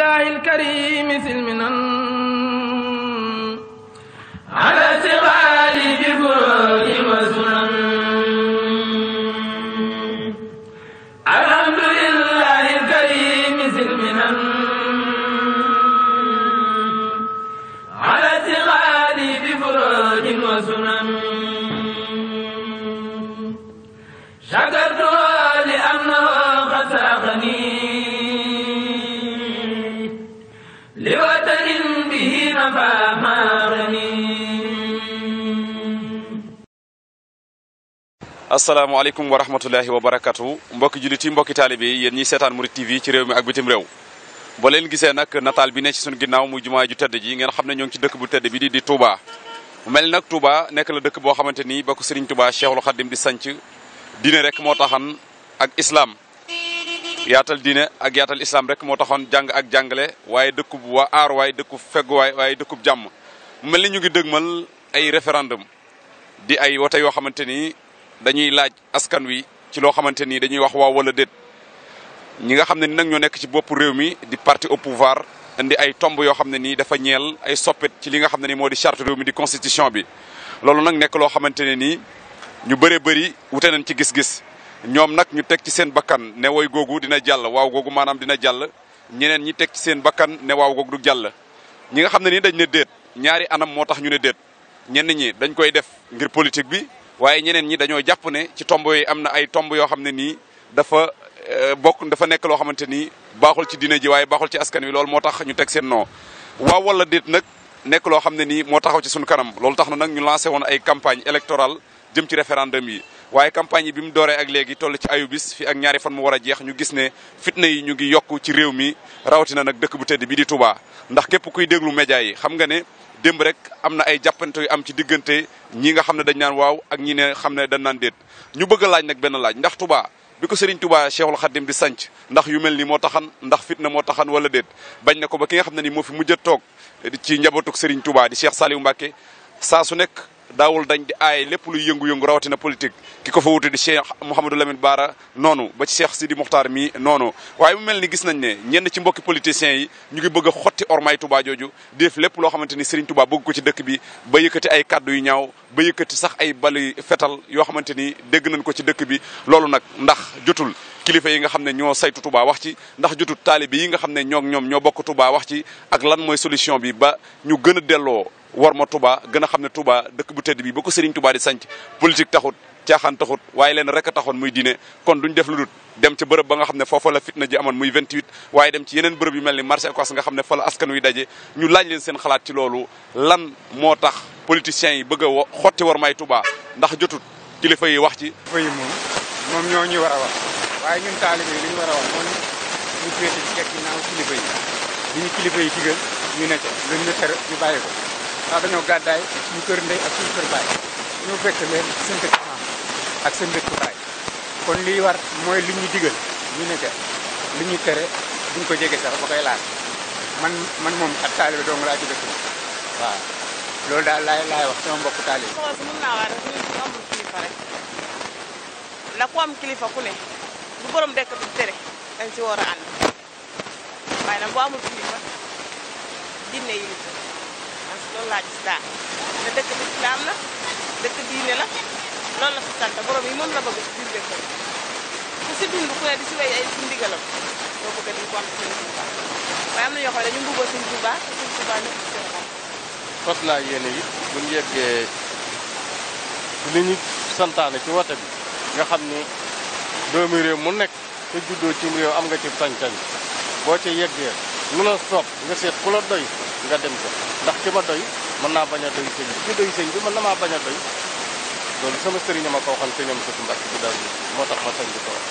الله الكريم ذي المنن على asalaamaaleykum wa rahmatullahi wa barakatu mbokki jullit yi mbokki taalibe yen yéen ñiy seetaan Murid TV ci réew mi ak bitim réew ba leen gisee nag nataal bi ne ci suñu ginnaaw muy jumaa ju tedd ji ngeen xam ne ñoo ngi ci dëkk bu tedd bi di di Touba mel nag Touba nekk la dëkk boo xamante ni ba ko Serigne Touba Cheikhul Khadim di sanc diine rek moo taxan ak islam yaatal diine ak yaatal islam rek moo taxoon jàng ak jàngale waaye dëkkub waa aar waaye dëkkub feggu waay waaye dëkkub jàmm mel ni ñu ngi dëgmal ay ay wote yoo xamante ni dañuy laaj askan wi ci loo xamante ni dañuy wax waaw wala déet ñi nga xam ne ni nag ñoo nekk ci boppu réew mi di parti au pouvoir indi ay tomb yoo xam ne nii dafa ñeel ay soppet ci li nga xam ne ni moo di charte réew mi bi loolu nag nekk loo xamante ne nii ñu bëree bëri wute nañ ci gis-gis ñoom nag ñu teg ci seen bakkan ne woy googu dina jàll waaw maanaam dina jàll ñeneen ñi teg ci seen bakkan ne waaw googu jàll ñi nga xam ne ni dañ ne déet ñaari anam moo tax ñu ne déet ñenn ñi dañ koy def ngir politique bi waaye ñeneen ñi dañoo jàpp ne ci tomb yooyu am na ay tomb yoo xam ne nii dafa euh, bokk dafa nekk loo xamante ni baaxul ci dina ji waaye baaxul ci askan wi loolu moo tax ñu teg seen non waaw wala déet nag nekk loo xam ne nii moo taxaw ci suñu kanam loolu tax na nag ñu lancé woon ay campagne électorale jëm ci référendum yi waaye campagne yi bi mu dooree ak léegi toll ci ayu bis fi ak ñaari fan mu war jeex ñu gis ne fitna yi ñu ngi yokk ci réew mi rawatina nag dëkk bu tedd bi di Touba ndax képp kuy déglu média yi xam nga ne démb rek am na ay jàppante yu am ci diggante ñi nga xam ne dañ naan waaw ak ñi ne xam ne dañ naan déet ñu bëgg laaj nag benn laaj ndax Touba bi ko Serigne Touba Cheikhul Khadim di sanc ndax yu mel ni moo taxan ndax fitna moo taxan wala déet bañ na ko ba ki nga xam ne ni moo fi mujj a toog ci njabootuk Serigne Touba di Cheikh Saliou Mbacké saa su nekk daawul dañ di aay lépp luy yëngu-yëngu rawatina politique ki ko fa wuute di Cheikh Mouhamadou Lamine Bara noonu ba ci Cheikh Sidi Mokhtar mi noonu waaye mu mel ni gis nañ ne ñenn ci mbokki politiciens yi ñu ngi bëgg a xotti ormay Touba jooju def lépp loo xamante ni Serigne Touba bëgg ko ci dëkk bi ba yëkkati ay kàddu yu ñaaw ba yëkkati sax ay bali fetal yoo xamante ni dégg nañ ko ci dëkk bi loolu nag ndax jotul kilifa yi nga xam ne ñoo saytu tubaa wax ci ndax jotul taalibe yi nga xam ne ñoog ñoom ñoo bokk Touba wax ci ak lan mooy solution bi ba ñu gën a delloo war ma Touba gën a xam ne Touba dëkk bu tedd bi bokk ko Serigne di sanc politique taxut caaxaan taxut waaye leen rek a taxoon muy diine kon duñ def lu dem ca bërëb ba nga xam ne foofa la fitna ji amoon muy 28 waaye dem ci yeneen bërëb yu mel ni marché Ocass nga xam ne fa la askan wi daje ñu laaj leen seen xalaat ci loolu lan moo tax politiciens yi bëgg a xotti war may Touba ndax jotut kilifa yi wax ci. kilifa yi moom moom ñoo ñu war a wax waaye ñun taalibe ñu war a wax moom ñu ndax dañoo gàddaay suñu kër ak suñu kër baay ñoo fekk leen seen dëkk ak seen dëkk baay kon liy war mooy li ñu digal ñu ne ca li ñu tere duñ ko jege sax ba koy laal man man moom ak taalibe dong laa ci dëkk waaw loolu daal laay laay wax sama mbokk taalibe. mën naa wax rek ñun ñu amul la ku am kilifa ku ne bu borom dëkk bi tere dañ si war a ànd waaye nag bu amul kilifa dinne yi loolu laa gis daal dëkk bi la dëkk diine la loolu la fi sant borom yi moom la bëgg ci biir dëkk ku si dund ku ne di si wéy ay si ndigalam doo ko am seen Tuuba waaye am na ñoo xam ne yéene it buñ yeggee li ñu santaane ci wote bi nga xam ni doomi réew mu nekk te juddoo ci réew am nga ci sañ-sañ boo ci yeggee lu la soob nga seet ku la doy nga dem ko ndax ki ma doy mën naa bañ a doy sëñ bi ki mën na maa bañ a doy loolu sama sëriñ ma ko waxal sëñam sëtu Mbàkke bu daal moo tax ma sañ ko wax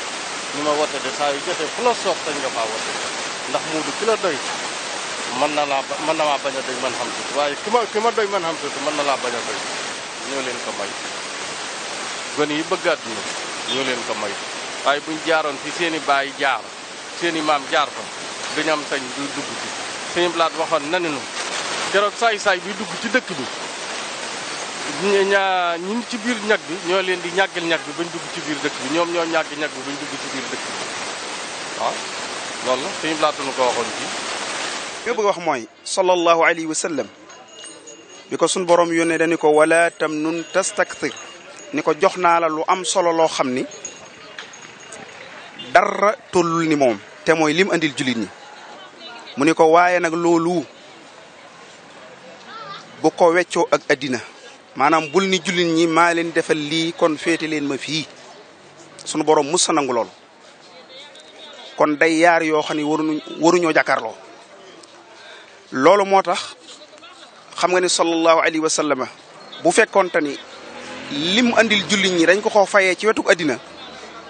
ñu woote de saa yu jotee ku la soob sañ nga ndax muudu ki la doy mën na laa mën na maa bañ a doy man xam sut waaye ki ma ki ma doy man xam sut mën na laa bañ a doy ñoo leen ko may gone yi bëgg àdduna ñoo leen ko may waaye buñ jaaroon fi seeni i baay jaar seen i maam jaar fa duñu am sañ du dugg ci suñu blaat waxoon na ne nu keroog saay-saay bi dugg ci dëkk bi ñaa ñi ci biir ñag bi ñoo leen di ñàggal ñag bi bañ dugg ci biir dëkk bi ñoom ñoo ñàgg ñag bi bañ dugg ci biir dëkk bi waaw la suñu blaatu nu ko waxoon ci li nga bëgg wax mooy sallallahu alayhi wa bi ko suñ borom yónnee dañu ko wala tam nun tastakthir ni ko jox naa la lu am solo loo xam ni dara tollul ni moom te mooy lim andil jullit ñi mu ko waaye nak lolu bu ko weccoo ak adina manam bul ni julinn ñi ma leen defal li kon féete leen ma fi sunu borom musa nangul lol kon day yar yo xani ne waruñu xam nga ni sallallahu alaihi wasallam bu fekkon tani lim andil julinn ñi dañ ko ko fayé ci wetuk adina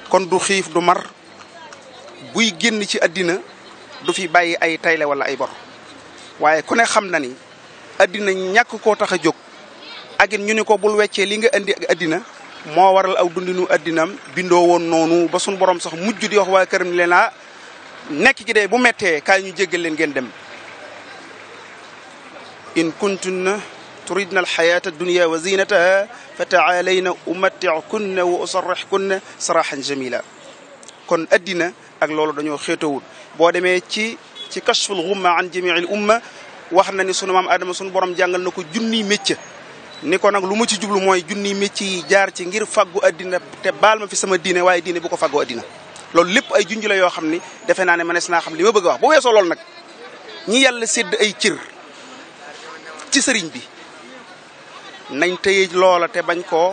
kon du xif du mar buy génn ci adina du fi baye ay tayle wala ay bor waye ku ne xam na ni adina ñak ko taxa jóg ak ñu ni ko bul wéccé li nga andi adina mo waral aw dundinu adinam bindo won nonu ba sun borom sax mujju di wax wa karim leena nek ah de bu metté kaay ñu jéggel leen ngeen dem in kuntunna تريدنا الحياة الدنيا وزينتها فتعالينا أمتعكن وأصرحكن صراحا جميلا usarrixkunna أدنا أك لولو دانيو ak boo demee ci ci kashful ghumma an jamiil umma wax na ni sunu maam Adama sunu borom jàngal na ko junni métier ni ko nag lu ma ci jublu mooy junniy métier yi jaar ci ngir faggu addina te baal ma fi sama diine waaye diine bu ko faggu addina loolu lépp ay junj la yoo xam ni defe naa ne mënees naa xam li ma bëgg a wax bu weesoo loolu nag ñi yàlla sédd ay cër ci sëriñ bi nañ tëye loola te bañ koo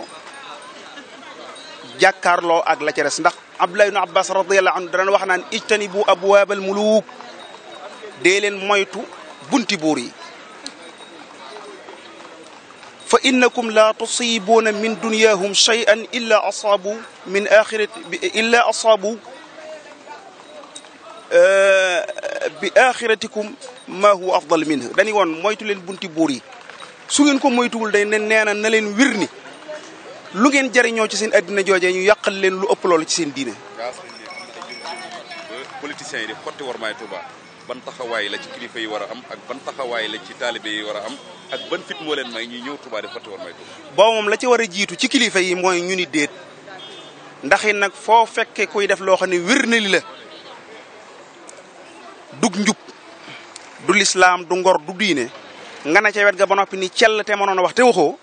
jàkkaarloo ak la ca ndax Abdullah ibn Abbas radiyallahu anhu dana wax naan ijtanibu abwaabal muluk dee leen moytu bunti buur yi fa innakum la tusibuuna min dunyahum shay'an illa asaabu min axirati illa asaabu bi axiratikum ma huwa afdal minhu dañu woon moytu leen bunti buur yi su ngeen ko moytuwul day ne nee na na leen wir ni lu ngeen jariñoo ci seen addina joojee ñu yàqal leen lu ëpp loolu ci seen diine. politiciens yi di xotti war maay Touba ban taxawaay la ci kilifa yi war a am ak ban taxawaay la ci taalibe yi war a am ak ban fit moo leen may ñuy ñëw Touba di xotti war maay moom la ci war a jiitu ci kilifa yi mooy ñu ni déet ndax it nag foo fekkee kuy def loo xam ne wér na li la dug njub du lislaam du ngor du diine nga na ca wet ga ba noppi ni cell te mënoon a wax te waxoo.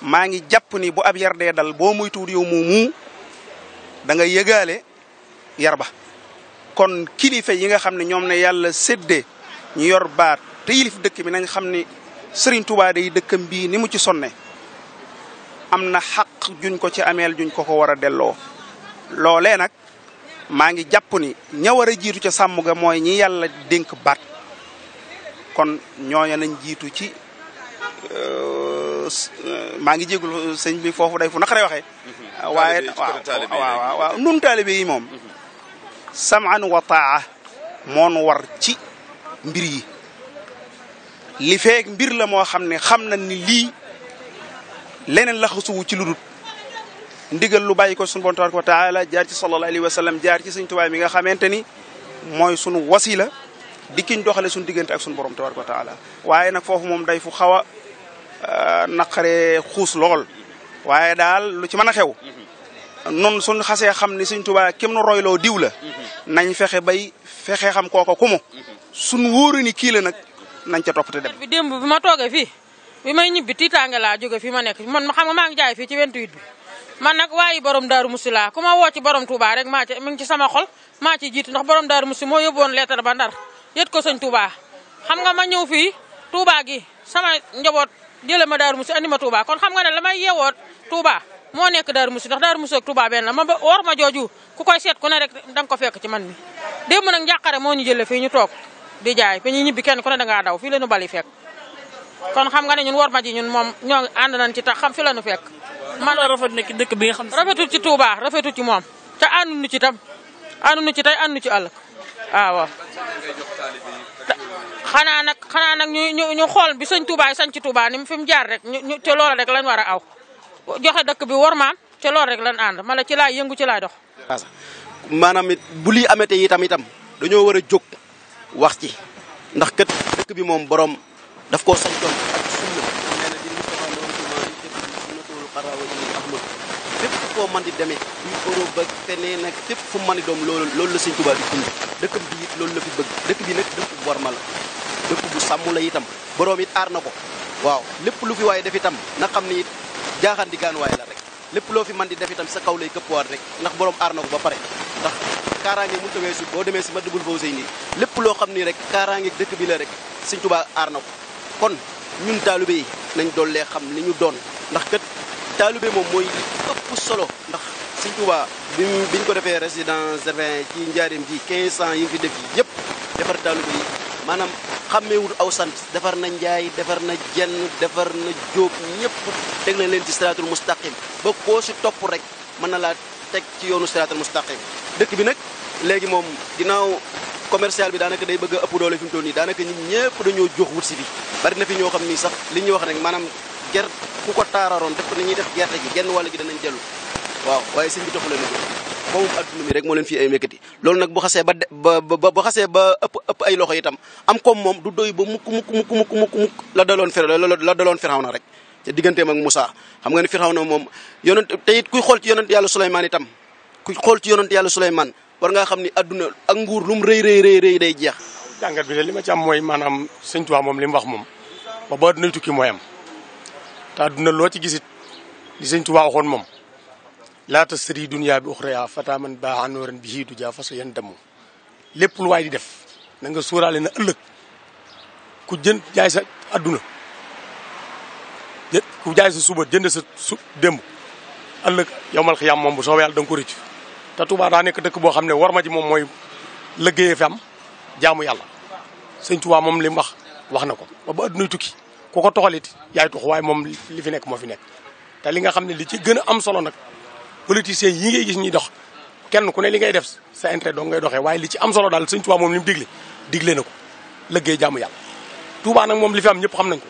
maa ngi jàpp ni bu ab yar dal boo muy tuut yow moomu da nga yëgaale yar ba kon kilifa yi nga xam ne ñoom ne yàlla sedde ñu yor baat te yilif dëkk bi nañ xam ni Serigne Touba dëkk dëkkam bii ni mu ci sonne am na xaq juñ ko ci ameel juñ ko ko war a delloo loole nag maa ngi jàpp ni ña war a jiitu ca sàmm ga mooy ñi yàlla dénk baat kon ñooña nañ jiitu ci Eh, maa ngi jégul eh, sëñ bi foofu day fu naqaree waxe mm-hmm. waaye waaw waaw waaw nun taalibe yi moom mm-hmm. samaan wa moon war ci mbir yi li feek mbir la moo xam ne xam na ni lii leneen lax laxasuwu ci ludut ndigal lu bàyyi ko suñu bon tabaraka wa taala jaar ci sallallahu alayhi wa sallam jaar ci sëñ Tuubaa mi nga xamante ni mooy sunu wasila di kiñ doxale suñu diggante ak suñu borom tabaraka wa taala waaye nag foofu moom day fu xaw Euh, naqaree xuus lool waaye daal lu ci mën a xew nun suñ xasee xam ni suñ tubaa kim nu royloo diw la nañ fexe bay fexe xam kooko kumu suñ wóoru ni kii la nag nañ ca toppate dem. bi démb ma toogee fii bi may ñibbi tiitaange la jóge fii ma nekk man ma xam nga maa jaay fii ci 28 bi man nag waayi borom daaru musi laa ku ma woo ci borom Touba rek maa ci mi ngi ci sama xol maa ci jiitu ndax borom daaru musi moo yóbbu woon leetar ba ndar yët ko sëñ Touba xam nga ma ñëw fi Touba gi sama njaboot jële ma Darou musu andi ma Touba kon xam nga ne lamay may Touba mo nekk Darou musu ndax Darou musu ak Touba ben la ma wor ma joju ku koy seet ku ne rek dang ko fekk ci man mi démb nag njàqare ñu jëlee fi ñu tok di jaay fi ñi ñibi kenn ku ne da nga daw fi la ñu bali fekk kon xam nga ne ñun wor ma ji ñun mom ñoo and nañ ci tax xam fi la ñu fekk man rafet nekk dëkk bi nga xam rafetu ci Touba rafetu ci ta anu ñu ci tam ñu ci tay anu ci ëllëg waaw waaw xanaa nag xanaa nag ñu ñu ñu xool bi sëñ Touba sañ ci Touba ni mu fi mu jaar rek ñu ñu ca loola rek lañ war a aw joxe dëkk bi war maam ca loolu rek lañ ànd mala ci laay yëngu ci laay dox. maanaam it bu lii amatee itam dañoo war a jóg wax ci ndax kat dëkk bi moom boroom daf koo sañtoon ak sunna nee na di fépp koo mën di demee ñu Europe nag fépp fu mën di doom lool loolu la sëñ Tuubaa di dund dëkkam bi it loolu la fi bëgg dëkk bi nag dëkk bu dëkk bu sàmm la itam boroom it aar na ko waaw lépp lu fi waaye def itam na xam ni it jaaxaan gaanuwaay la rek lépp loo fi man di def itam sa kaw lay këppwaat rek ndax boroom aar na ko ba pare ndax kaaraange mu ta weesu boo demee si ma dugul faw sëy nii lépp loo xam nii rek kaaraange dëkk bi la rek Sëñ Tuubaa aar na ko kon ñun taalibe yi nañ dollee xam li ñu doon ndax kat taalibe moom mooy ëpp solo ndax Sëñ Tuubaa bi biñ ko defee résidence 20 ci njaarim ji 15 ans yi fi def yi yëpp defar taalibe yi maanaam xàmmeewul aw sant defar na njaay defar na jenn defar na jóob ñëpp teg na leen ci siraatul mustaqim ba koo si topp rek mën na laa teg ci yoonu siraatul mustaqim dëkk bi nag léegi moom ginnaaw commercial bi daanaka day bëgg a ëpp doole fi mu toll nii daanaka ñun ñëpp dañoo jox wut si fi bari na fi ñoo xam ni sax li ñuy wax rek maanaam gert ku ko taararoon def ko ni ñuy def gerte gi genn wàll gi danañ dellu waaw waaye sëñ bi toxu leen ba mu adduna mi rek moo leen fi ay mekkati loolu nag bu xasee ba bu xasee ba ëpp ëpp ay loxo itam am comme moom du doy ba mukk mukk mukk mukk mukk mukk la daloon fir la daloon firaw rek ca digganteem ak Moussa xam nga ne firaw na yonent te kuy xool ci yonent yàlla Souleymane itam kuy xool ci yonent yàlla Souleymane war ngaa xam ni ak nguur lu mu rëy rëy rëy day jeex bi ci am wax ba ba tukki am ci gisit li laata sëri duniyaa bi uxraya fataaman baa anooran bi hiidu jaa faso yan damm lépp lu waay di def na nga sóoraale na ëllëg ku jënd jaay sa adduna ku jaay sa suba jënd sa su démb ëllëg yowmal xiyaam moom bu soobee yàlla ko rëcc te Touba daa nekk dëkk boo xam ne war ma ji moom mooy liggéeyee fi am jaamu yàlla sëñ Touba moom li wax wax na ko ba ba addunay tukki ku ko toxalit yaay tux waaye moom li fi nekk moo fi nekk te li nga xam ne li ci gën a am solo nag politiciens yi ngay gis ñuy dox kenn ku ne li ngay def sa intérêt dong ngay doxee waaye li ci am solo daal Sëñ Tuubaa moom li mu digle digle na ko lëggéey jaamu yàlla moom li fi am ñëpp xam nañ ko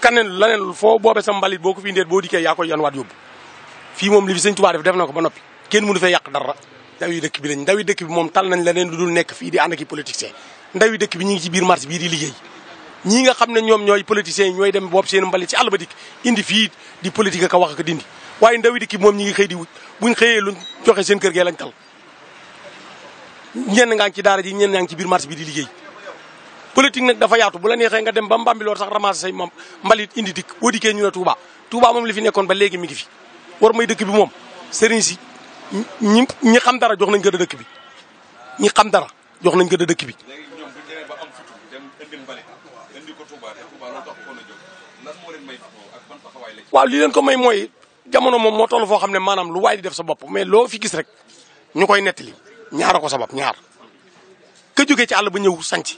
kaneen laneen foo boobe sa mbalit boo ko fi ndeet boo dikkee yaa koy yanwaat yóbbu fii moom li fi Sëñ Tuubaa def def na ko ba noppi kenn mënu fee yàq dara ndawi dëkk bi lañ ndawi dëkk bi moom tal nañ leneen lu dul nekk fii di ànd ak i politiciens ndawi dëkk bi ñu ngi ci biir marché bii di liggéey ñii nga xam ne ñoom ñooy politiciens yi ñooy dem boobu seen mbalit ci àll ba dikk indi fii di politique ak wax ak dindi waaye ndawi dikki moom ñi ngi xëy di wut buñ xëyee luñ joxe seen kër gee lañ tal ñenn ngaa ngi ci daara ji ñen ngaa ngi ci biir marché bi di liggéey politique nag dafa yaatu bu la neexee nga dem ba mbambiloor sax ramasser say moom mbalit indi dikk boo dikkee ñu ne Touba Touba moom li fi nekkoon ba léegi mi ngi fi war may dëkk bi moom sëriñ si ñi ñi xam dara jox nañ gën a dëkk bi ñi xam dara jox nañ gën a dëkk bi waaw li leen ko may mooy jamono moom moo toll foo xam ne maanaam lu waay di def sa bopp loo fi rek ñu koy nettali ñaara ko sabab ñaar ka jógee ci àll ba ñëw sanc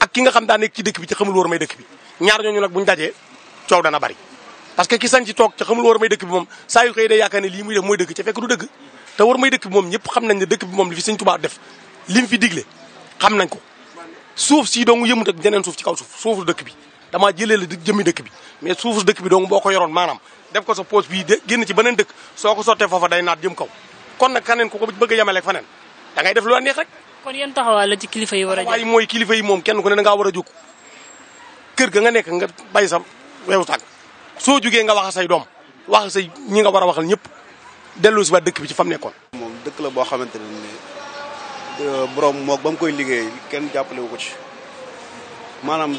ak ki a xam daa nekk ci dëkk bi ci xamul war may bi ñaar ñooñu nag buñu dajee coow dana bari parce que ki sanc bi moom saa yu xëy day yaakaar ne lii muy def mooy dëkk ca fekk te war may dëkk bi moom ñëpp xam nañ dëkk bi moom li fi sëñ def li fi digle xam nañ ko suuf si dong yëmut ak jeneen suuf ci kaw suuf suufu dëkk bi damaa jëlee la jëmmi dëkk bi mais suufu dëkk bi dong boo ko yoroon maanaam def ko sa poche bii génn ci beneen dëkk soo ko sottee foofa day naat jëm kaw kon na kaneen ku ko bëgg a yemaleeg faneen da ngay def lu la neex rek. kon yéen taxawaay la ci kilifa yi war a. waaye mooy kilifa yi moom kenn ku ne da ngaa war kër ga nga nekk nga bay sa weewu tànk soo jugee nga wax say doom wax say ñi nga war a waxal ñëpp dellu ba dëkk bi ci fam nekkoon. moom dëkk la boo xamante ne nii euh, borom moog ba mu koy liggéey kenn jàppale wu ko ci maanaam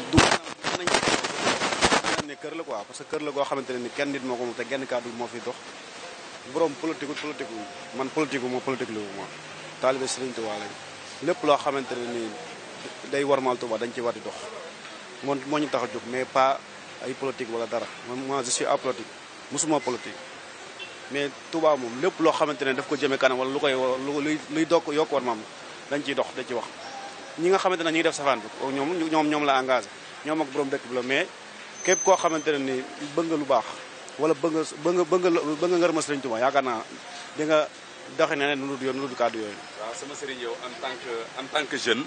kër la quoi parce que kër la goo xamante ni kenn nit moo ko te genn kàddu moo fi dox borom politique politique man politique mo politique lu mo taalibe Serigne Touba lañ lépp loo xamante ni day warmal Touba dañ ci war di dox moo moo ñu tax a jóg mais pas ay politique wala dara man moi je suis apolitique mosuma politique mais Touba moom lépp loo xamante ne daf ko jëme kanam wala lu koy luy luy dokk yokk war maam dañ ciy dox dañ ci wax ñi nga xamante ñi def safaan bi ñoom ñoom la engagé ñoom ak borom dëkk bi la mais képp koo xamantene ni bëng lu baax wala bëng bëng bëng bëng bëgg nga ngërëm Sëriñ Tuubaa yaakaar naa di nga doxe ne ne nu yoon nu dul kàddu yooyu waaw sama sëriñ yow en tant que en tant que jeune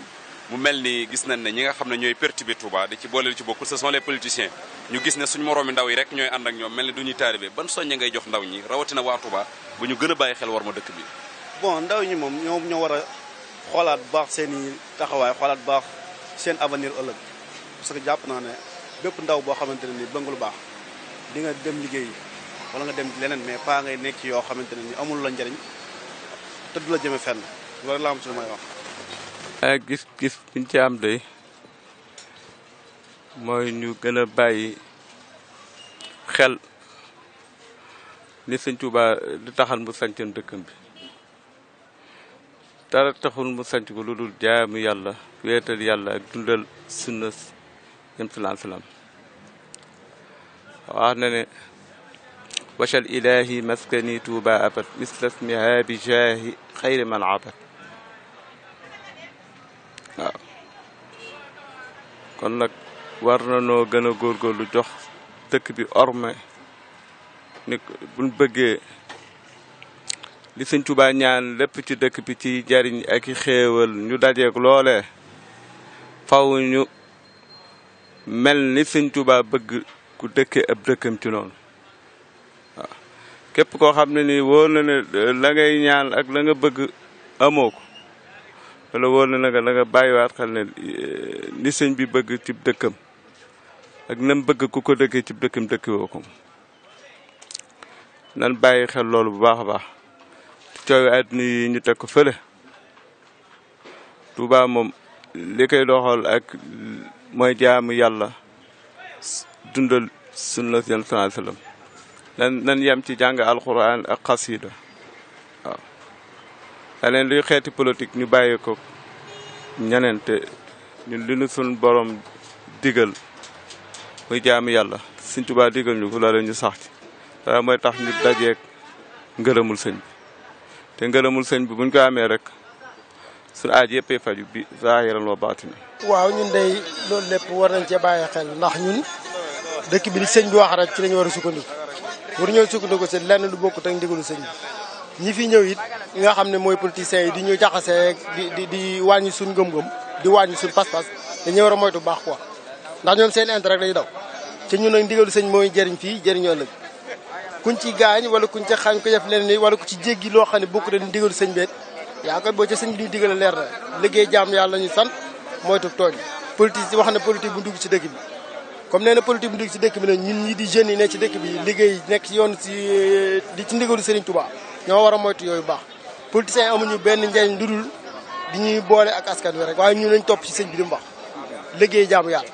mu mel ni gis nañ ne ñi nga xam ne ñooy perturbé Touba di ci booleel ci bokkul ce sont les politiciens ñu gis ne suñu moroomi ndaw yi rek ñooy ànd ak ñoom mel ni du ñuy taalibe ban soññe ngay jox ndaw ñi rawatina waa Touba bu ñu gën a bàyyi xel war ma dëkk bi bon ndaw ñi moom ñoom ñoo war a xoolaat baax seen i taxawaay xoolaat baax seen avenir ëllëg parce que jàpp naa ne bépp ndaw boo xamante ne nii bëgg lu baax di nga dem liggéey wala nga dem leneen mais pas ngay nekk yoo xamante ne nii amul la njariñ te du la jëme fenn loolu laa am ci lu may wax. Eh, gis gis biñ ci am de mooy ñu gën a bàyyi xel li sëñ Touba li taxal mu sañcoon dëkkam bi dara taxul mu sañc ko lu dul jaamu yàlla weetal yàlla ak dundal sunna كنت فلان فلان وانا وش الالهي مسكني توبا ابد مثل اسمها بجاه خير من عبد كن لك ورنو غنا غورغولو جوخ تك بي اورما نك بون بيغي لي سن توبا نيان لب تي دك بي تي جارين اكي خيوال ني داديك لوله فاو نيو mel ni sëñ tubaa bëgg ku dëkke ab dëkkam ci noonu képp koo xam ne nii wóor na ne eh, la ngay ñaan ak la nga bëgg amoo ko wala wóor na na nga la nga bàyyiwaat xel ne eh, ni sëñ bi bëgg ci dëkkam ak nam bëgg ku ko dëkkee ci dëkkam dëkke woo nan bàyyi xel loolu bu baax a baax coowi àddina yi ñu teg ko fële Tuubaa moom li koy doxal ak mooy jaamu yàlla dundal sunna yàlla sallallahu alayhi wa sallam nan nan yem ci jàng alquran ak xasida waaw leneen luy xeeti politique ñu bàyyi ko ñeneen te ñun li ñu sun borom digal muy jaamu yàlla Sëñ Tuubaa digal ñu ko la ñu sax ci mooy tax ñu dajeek ngërëmul sëñ te ngërëmul sëñ bi buñ ko amee rek su aaj yëpp ay faju bi zaahiran wa baatin waaw ñun day loolu lépp war nañ cee bàyyi xel ndax ñun dëkk bi li sëñ bi wax rek ci lañu war a sukkandiku war ñoo sukkandiku si lenn lu bokkut ak ndigalu sëñ bi ñi fi ñëw it nga xam ne mooy politiciens yi di ñu jaxasee di di di wàññi suñ ngëm gëm di wàññi suñ pas-pas dañu war a moytu baax quoi ndax ñoom seen intérêt rek lañu daw te ñun nag ndigalu sëñ mooy jariñ fii jariñoo ëllëg kuñ ci gaañ wala kuñ ci xañ ko def leneen wala ku ci jéggi loo xam ne bokkut ak ndigalu sëñ bi yaakaar boo ca sëñ bi di digale leer na liggéey jaam yàlla ñu sant moytu tooñ politique wax na politique bu dugg ci dëkk bi comme nee na politique bu dugg ci dëkk bi nag ñun ñi di jeunes ne ci dëkk bi liggéey nekk ci yoon si eh, di ci ndigalu Serigne Touba ñoo war a moytu yooyu baax politiciens amuñu benn njariñ lu dul di ñuy boole ak askan wi rek waaye ñu lañ topp ci sëñ bi di mu baax liggéey jaamu yàlla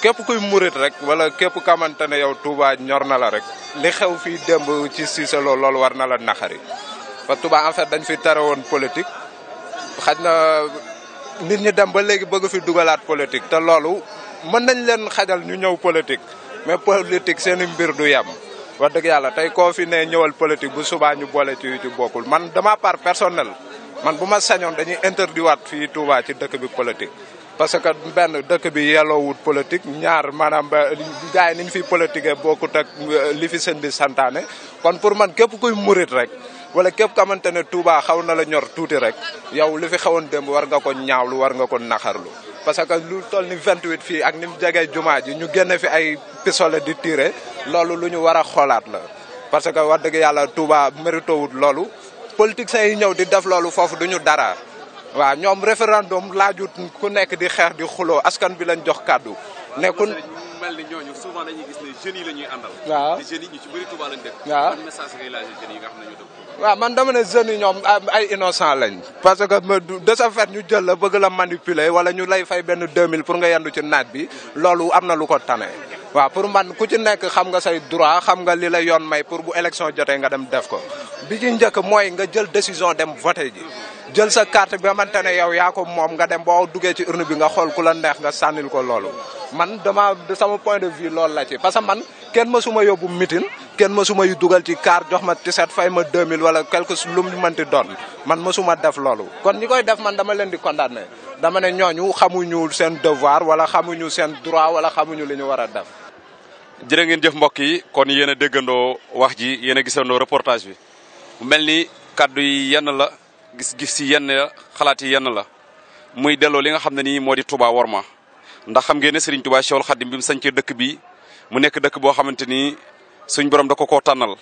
képp kuy murit rek wala képp kamante ne yow Touba ñor na la rek li xew fii démb ci Cissé Lo war na la naxari parce tuba en fait dañ fi téré won politique xajna nit ñi dem ba légui bëgg fi dugalaat politique té lolu mën nañ leen xajal ñu ñëw politique mais politique seen mbir du yam wax deug yalla tay ko fi ne ñëwal politique bu suba ñu bolé ci ci bokul man dama part personnel man buma sañon dañuy wat fi Touba ci dëkk bi politique parce que ben dëkk bi yellow wut politique ñaar manam gaay niñ fi politique bokut ak euh, li fi seen bi santane kon pour man képp kuy mourid rek wala képp ku xamante ne Touba xaw na la ñor tuuti rek yow li fi xawoon démb war nga ko lu war nga ko naxarlu parce que lu toll ni 28 fii ak ni mu jegee jumaa ji ñu génn fi ay pistolet di tiire loolu lu ñu war a xoolaat la parce que wax dëgg yàlla Touba mérito wut loolu politiciens yi ñëw di def loolu foofu duñu dara waaw ñoom référendum laajut ku nekk di xeex di xuloo askan bi lañ jox kàddu nekkul mel ni ñooñu souvent yi la ñuy àndal. waaw te jeunes yi ñu ci bëri Touba lañ yi nga xam ne ñu man dama ne ñoom ay innocent lañ. parce que de ce fait ñu jël la bëgg la manipuler wala ñu lay fay benn 2000 pour nga yendu ci naaj bi loolu am na lu ko tane. wa pour man ku ci nek xam nga say droit xam nga lila yon may pour bu election joté nga dem def ko bi ci ñëk moy nga jël décision dem voter ji jël sa carte bi man ne yow ya ko mom nga dem bo duggé ci urne bi nga xol ku la neex nga sanil ko lolu man dama sama point de vue lolu la ci parce que man kenn suma yobu mitin kenn suma yu duggal ci car jox ma tiset fay ma 2000 wala quelque lu mu ti don man suma def lolu kon ñi koy def man dama leen di condamner dama ne ñooñu xamuñu sen devoir wala xamuñu sen droit wala xamuñu li ñu wara def jërë ngeen jëf mbokk yi kon yéen a déggandoo wax ji yéen a gisandoo reportage bi mu mel ni kàddu yi yenn la gis-gis si yenn la xalaat yi yenn la muy delloo li nga xam ne nii moo di Touba Worma ndax xam ngeen ne Serigne Touba Cheikhul Khadim bi mu sañcee dëkk bi mu nekk dëkk boo xamante ni suñ borom da ko koo tànnal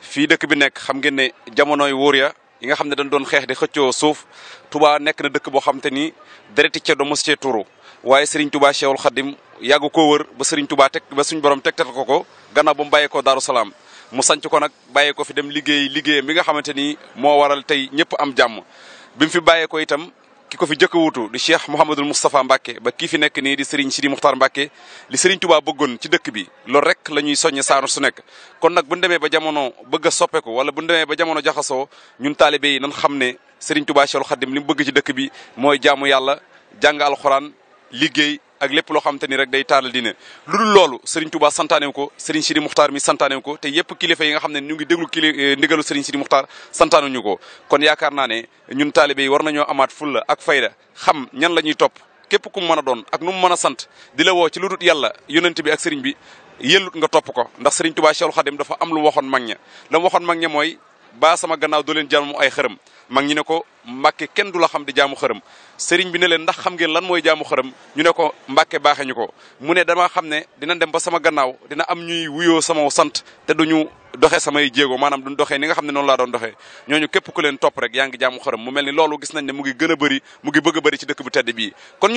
fii dëkk bi nekk xam ngeen ne jamonoy wóor ya yi nga xam ne dañ doon xeex di xëccoo suuf Touba nekk na dëkk boo xamante ni dereti ceddo mos cee turu waaye Serigne Touba Cheikhul Khadim yàgg koo wër ba Serigne Touba teg ba suñ borom tegtal ko ko gannaaw ba mu bàyyee ko Daaru Salaam mu sanc ko nag bàyyee ko fi dem liggéey liggéeyam bi nga xamante ni moo waral tey ñëpp am jàmm bi mu fi bàyyee ko itam ki ko fi jëkk wuutu di Cheikh Mouhamadul Moustapha mbake ba kii fi nekk nii di Serigne Sidi Moukhtar Mbacke li Serigne Touba bëggoon ci dëkk bi loolu rek lañuy ñuy soññ saanu su nekk kon nag bu ñu demee ba jamono bëgg a wala bu demee ba jamono jaxasoo ñun taalibe yi nan xam ne Serigne Touba Cheikhul li mu bëgg ci dëkk bi mooy jaamu yàlla jàng alxuraan liggéey ak lépp loo xamante ni rek day taaral diine lu dul loolu Serigne Touba santaane ko Serigne Sidi Muxtaar mi santaane ko te yëpp kilifa yi nga xam ne ñu ngi déglu kili eh, ndigalu Serigne Sidi Muxtaar santaanu ñu ko kon yaakaar naa ne ñun taalibe yi war nañoo amaat fulla ak fayda xam ñan la ñuy topp képp ku mu mën a doon ak nu mu mën a sant di la woo ci lu dul yàlla yonent bi ak Serigne bi yellut nga topp ko ndax Serigne Touba xa Khadim dafa am lu waxoon mag ña la waxoon mag ña mooy baa sama gannaaw doo leen jaamu ay xërëm mag ñi ne ko mbàkke kenn du la xam di jaamu xërëm sëriñ bi ne leen ndax xam ngeen lan mooy jaamu xërëm ñu ne ko mbàkke baaxe ñu ko mu ne dama xam ne dina dem ba sama gannaaw dina am ñuy wuyoo sama sant te duñu doxee samay jéego maanaam duñ doxee ni nga xam ne noonu laa doon doxee ñooñu képp ku leen topp rek yaa mu mel ni loolu gis nañ ne mu ngi gën a bëri mu ngi bëgg a bëri ci dëkk bu tedd bii kon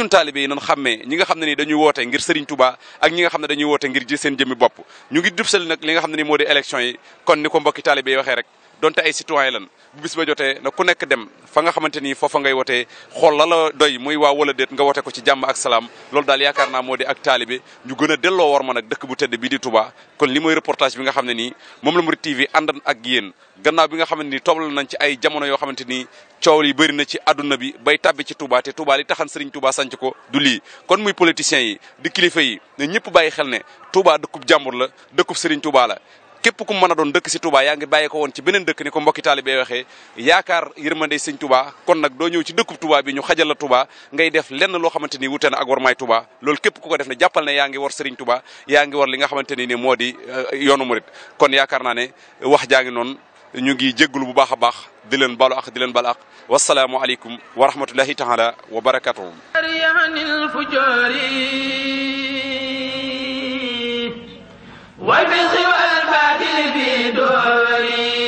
xam ne ni dañuy woote ngir sëriñ Tuubaa ak ñi nga xam ne dañuy woote ngir ji seen jëmmi bopp ñu ngi dubsal nag li nga xam ne ni moo di élection yi kon ni ko mbokki taalibe yi waxee rek donte ay citoyen lan bu bis ba jotee na ku nekk dem fa nga xamante ni foofa ngay wotee xool la la doy muy waa wala déet nga wote ko ci jàmm ak salaam loolu daal yaakaar naa moo di ak taalibe ñu gën a delloo war ma nag dëkk bu tedd bii di Touba kon li mooy reportage bi nga xam ne ni moom la Mouride TV àndan ak yéen gannaaw bi nga xamante ni toobal nañ ci ay jamono yoo xamante ni coow li bëri na ci àdduna bi bay tàbbi ci Touba te Touba yi taxan Serigne Touba sanc ko du lii kon muy politiciens yi di kilifa yi ñëpp bàyyi xel ne Touba dëkkub jàmbur la dëkkub Serigne Touba képp ku mën a doon dëkk si Touba yaa ngi bàyyi ko woon ci beneen dëkk ni ko mbokki taalibe waxee yaakaar yërmande sëñ Touba kon nag doo ñëw ci dëkkub Touba bi ñu xajal la Touba ngay def lenn loo xamante ni wute na ak war maay Touba loolu képp ku ko def ne jàppal ne yaa ngi war Serigne Touba yaa ngi war li nga xamante ni ni moo di eh, yoonu murit kon yaakaar naa ne wax jaa ngi noonu ñu ngi jéggul bu baax a baax di leen balu ak di leen bal ak wasalaamu aleykum wa rahmatullahi taala wa barakatuhum وبسوى be bi doori